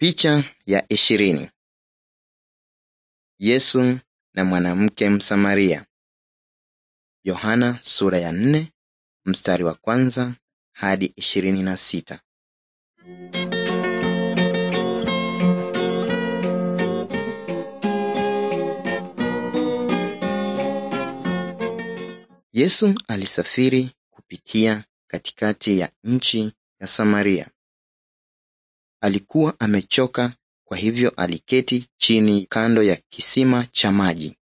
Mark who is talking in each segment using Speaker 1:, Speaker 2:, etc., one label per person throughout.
Speaker 1: Picha ya ishirini. Yesu na mwanamke Msamaria. Yohana sura ya nne mstari wa
Speaker 2: kwanza hadi ishirini na sita. Yesu alisafiri kupitia katikati ya nchi ya Samaria. Alikuwa amechoka kwa hivyo aliketi chini kando ya kisima cha maji.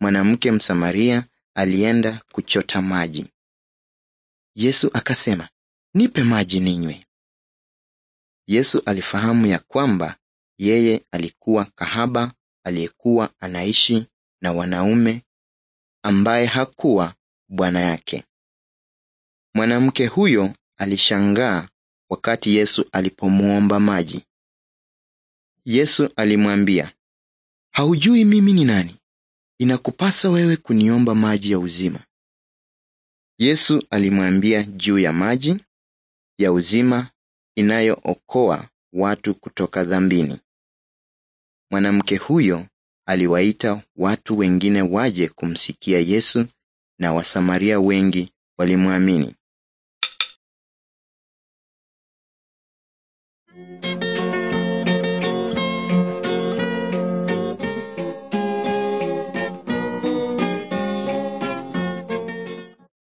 Speaker 2: Mwanamke Msamaria alienda kuchota maji. Yesu akasema, "Nipe maji ninywe." Yesu alifahamu ya kwamba yeye alikuwa kahaba aliyekuwa anaishi na wanaume ambaye hakuwa bwana yake. Mwanamke huyo alishangaa wakati Yesu alipomwomba maji. Yesu alimwambia, haujui mimi ni nani, inakupasa wewe kuniomba maji ya uzima. Yesu alimwambia juu ya maji ya uzima inayookoa watu kutoka dhambini. Mwanamke huyo aliwaita watu wengine
Speaker 1: waje kumsikia Yesu na Wasamaria wengi walimwamini. Thank you.